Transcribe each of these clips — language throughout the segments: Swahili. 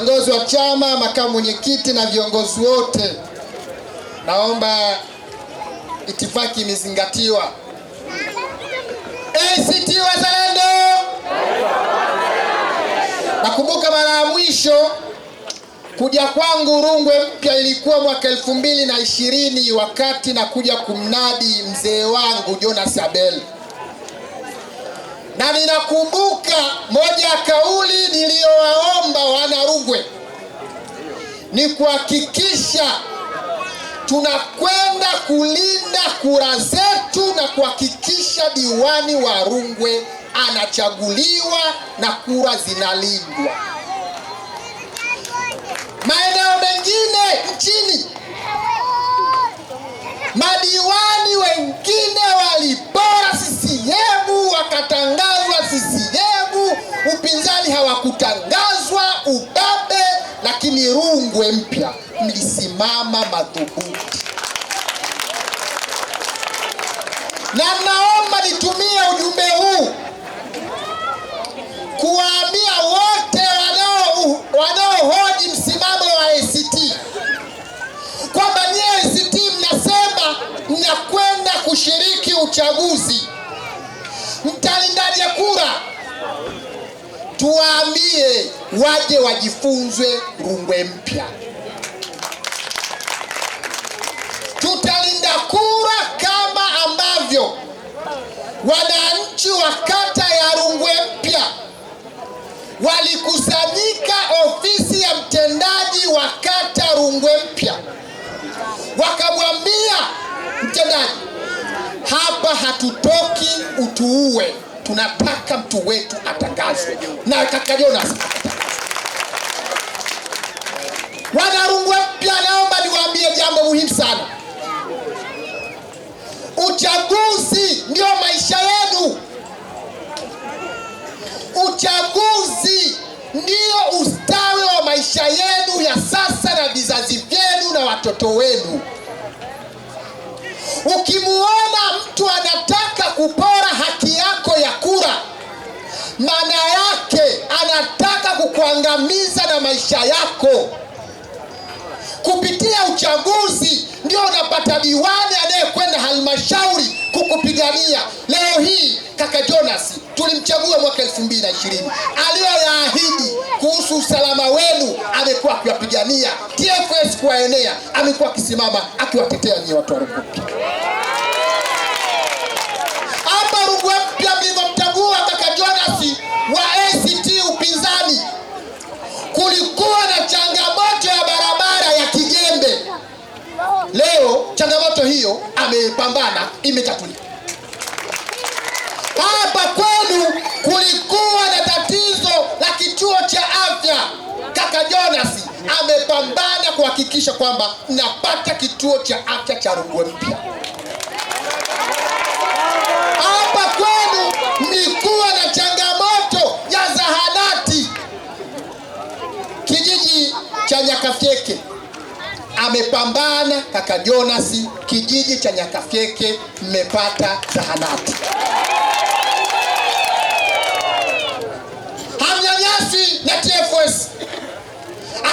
Viongozi wa chama, makamu mwenyekiti na viongozi wote, naomba itifaki imezingatiwa. ACT Wazalendo! Nakumbuka mara ya mwisho kuja kwangu Rungwe Mpya ilikuwa mwaka elfu mbili na ishirini wakati kuja kumnadi mzee wangu Jonas Abel, na ninakumbuka moja ni kuhakikisha tunakwenda kulinda kura zetu na kuhakikisha diwani wa Rungwe anachaguliwa na kura zinalindwa. Maeneo mengine nchini, madiwani wengine walipora CCM, wakatangazwa CCM, upinzani hawakutangazwa upa lakini Rungwe mpya mlisimama madhubuti, na naomba nitumie ujumbe huu kuwaambia wote wanaohoji msimamo wa ACT kwamba nyie ACT mnasema mnakwenda kushiriki uchaguzi, mtalindaje kura? tuwaambie waje wajifunzwe Rungwe mpya. Tutalinda kura kama ambavyo wananchi wa kata ya Rungwe mpya walikusanyika ofisi ya mtendaji wa kata Rungwe mpya, wakamwambia mtendaji, hapa hatutoki utuue tunataka mtu wetu atangazwe na kaka Jonas Wana mpya, naomba niwaambie jambo muhimu sana. Uchaguzi ndio maisha yenu, uchaguzi ndio ustawi wa maisha yenu ya sasa na vizazi vyenu na watoto wenu. Ukimuona mtu anataka kupora haki kura Maana yake anataka kukuangamiza na maisha yako kupitia uchaguzi. Ndio unapata diwani anayekwenda halmashauri kukupigania. Leo hii kaka Jonas tulimchagua mwaka ishirini aliyoyaahidi kuhusu usalama wenu amekuwa akiwapigania. TFS kuwaenea amekuwa akisimama akiwatetea nyie watu wafuasi wa ACT upinzani, kulikuwa na changamoto ya barabara ya Kigembe. Leo changamoto hiyo amepambana imetatulika. Hapa kwenu kulikuwa na tatizo la kituo cha afya, kaka Jonas amepambana kuhakikisha kwamba napata kituo cha afya cha Rungwe Mpya. kulikuwa na changamoto ya zahanati kijiji cha Nyakafyeke. Amepambana kaka Jonas, kijiji cha Nyakafyeke mmepata zahanati. Hamnyanyasi na TFS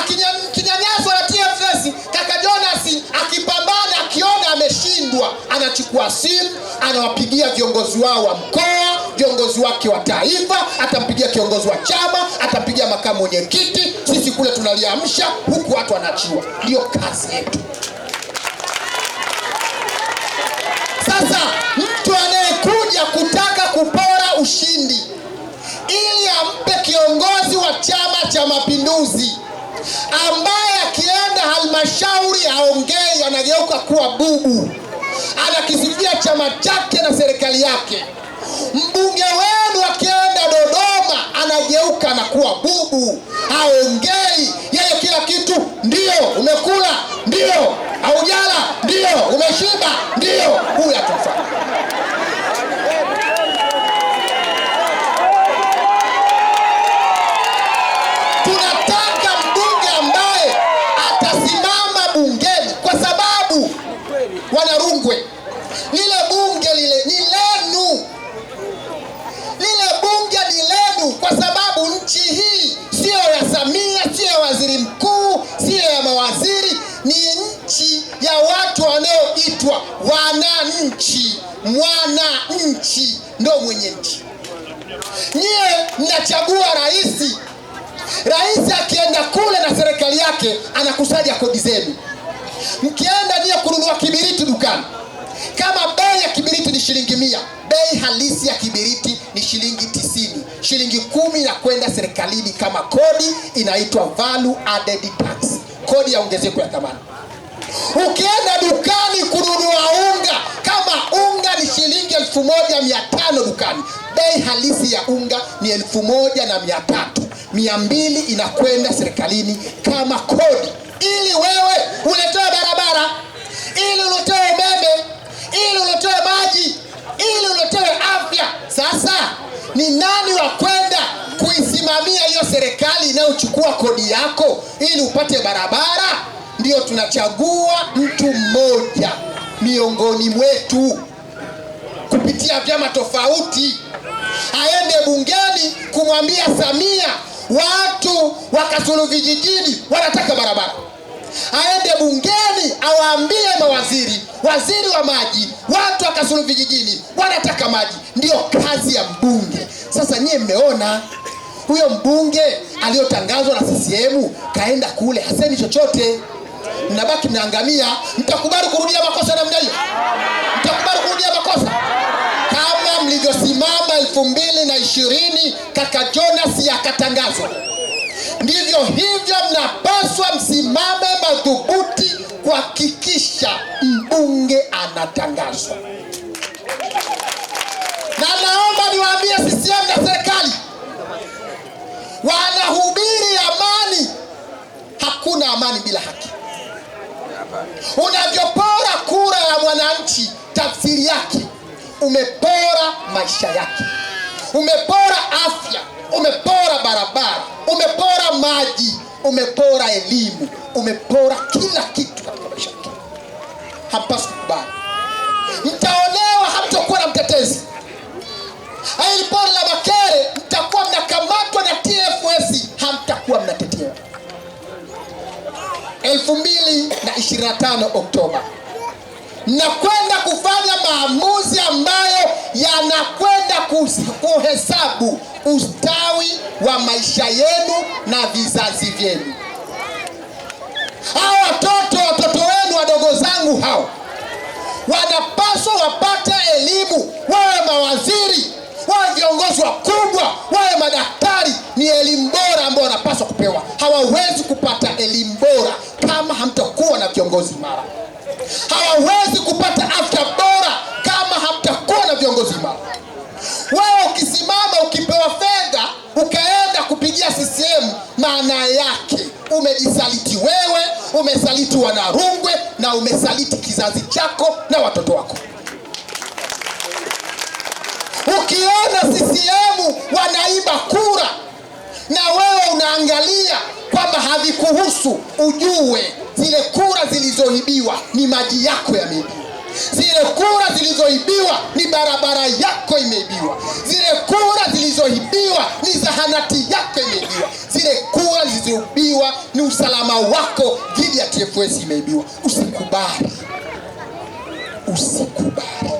akinyanyaswa na TFS, kaka Jonas akipambana, akiona ameshindwa, anachukua simu, anawapigia viongozi wao wa mkoa viongozi wake wa taifa, atampigia kiongozi wa chama, atampigia makamu mwenyekiti. Sisi kule tunaliamsha, huku watu wanachua. Ndiyo kazi yetu. Sasa mtu anayekuja kutaka kupora ushindi ili ampe kiongozi wa Chama cha Mapinduzi ambaye akienda halmashauri aongei, anageuka kuwa bubu, anakisifia chama chake na serikali yake. Mbunge wenu akienda Dodoma anageuka na kuwa bubu, aongei yeye, kila kitu ndio. Umekula ndio, aujala ndio, umeshiba ndio, huyu hatumfai. Tunataka wanaitwa wananchi. Mwananchi ndo mwenye nchi. Nyie mnachagua rais, rais akienda kule na serikali yake anakusanya kodi zenu. Mkienda nyie kununua kibiriti dukani, kama bei ya kibiriti ni shilingi mia, bei halisi ya kibiriti ni shilingi tisini, shilingi kumi na kwenda serikalini kama kodi, inaitwa value added tax, kodi ya ongezeko ya thamani. Ukienda dukani kununua unga, kama unga ni shilingi elfu moja mia tano dukani, bei halisi ya unga ni elfu moja na mia tatu mia mbili inakwenda serikalini kama kodi, ili wewe uletewe barabara, ili uletewe umeme, ili uletewe maji, ili uletewe afya. Sasa ni nani wa kwenda kuisimamia hiyo serikali inayochukua kodi yako ili upate barabara? ndio tunachagua mtu mmoja miongoni mwetu kupitia vyama tofauti aende bungeni kumwambia Samia, watu wa Kasulu vijijini wanataka barabara. Aende bungeni awaambie mawaziri, waziri wa maji, watu wa Kasulu vijijini wanataka maji. Ndiyo kazi ya mbunge. Sasa nyie mmeona huyo mbunge aliyotangazwa na CCM kaenda kule, hasemi chochote mnabaki mnaangamia. Mtakubali kurudia makosa namna hiyo? Mtakubali kurudia makosa kama mlivyosimama elfu mbili na ishirini kaka Jonas akatangazwa, ndivyo hivyo mnapaswa msimame madhubuti kuhakikisha mbunge anatangazwa. Na naomba niwaambie CCM na serikali wanahubiri amani. Hakuna amani bila haki. Unavyopora kura ya mwananchi, tafsiri yake umepora maisha yake, umepora afya, umepora barabara, umepora maji, umepora elimu, umepora kila kitu. 25 Oktoba na kwenda kufanya maamuzi ambayo yanakwenda kuhesabu ustawi wa maisha yenu na vizazi vyenu. Hawa watoto watoto wenu wadogo zangu hao wanapaswa wapate elimu, wawe mawaziri wao viongozi wakubwa, wawe madaktari, ni elimu bora ambao wanapaswa kupewa. Hawawezi kupata elimu bora kama hamtakuwa na viongozi imara. Hawawezi kupata afya bora kama hamtakuwa na viongozi imara. Wewe ukisimama ukipewa fedha ukaenda kupigia CCM, maana yake umejisaliti wewe, umesaliti Wanarungwe na umesaliti kizazi chako na watoto wako. Ukiona CCM wanaiba kura na wewe unaangalia kwamba havikuhusu, ujue zile kura zilizoibiwa ni maji yako yameibiwa zile kura zilizoibiwa ni barabara yako imeibiwa. Zile kura zilizoibiwa ni zahanati yako imeibiwa. Zile kura zilizoibiwa ni usalama wako dhidi ya TFS imeibiwa. Usikubali, usikubali.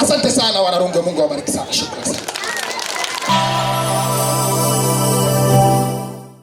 Asante sana Wanarungwe, Mungu awabariki sana. Shukrani sana.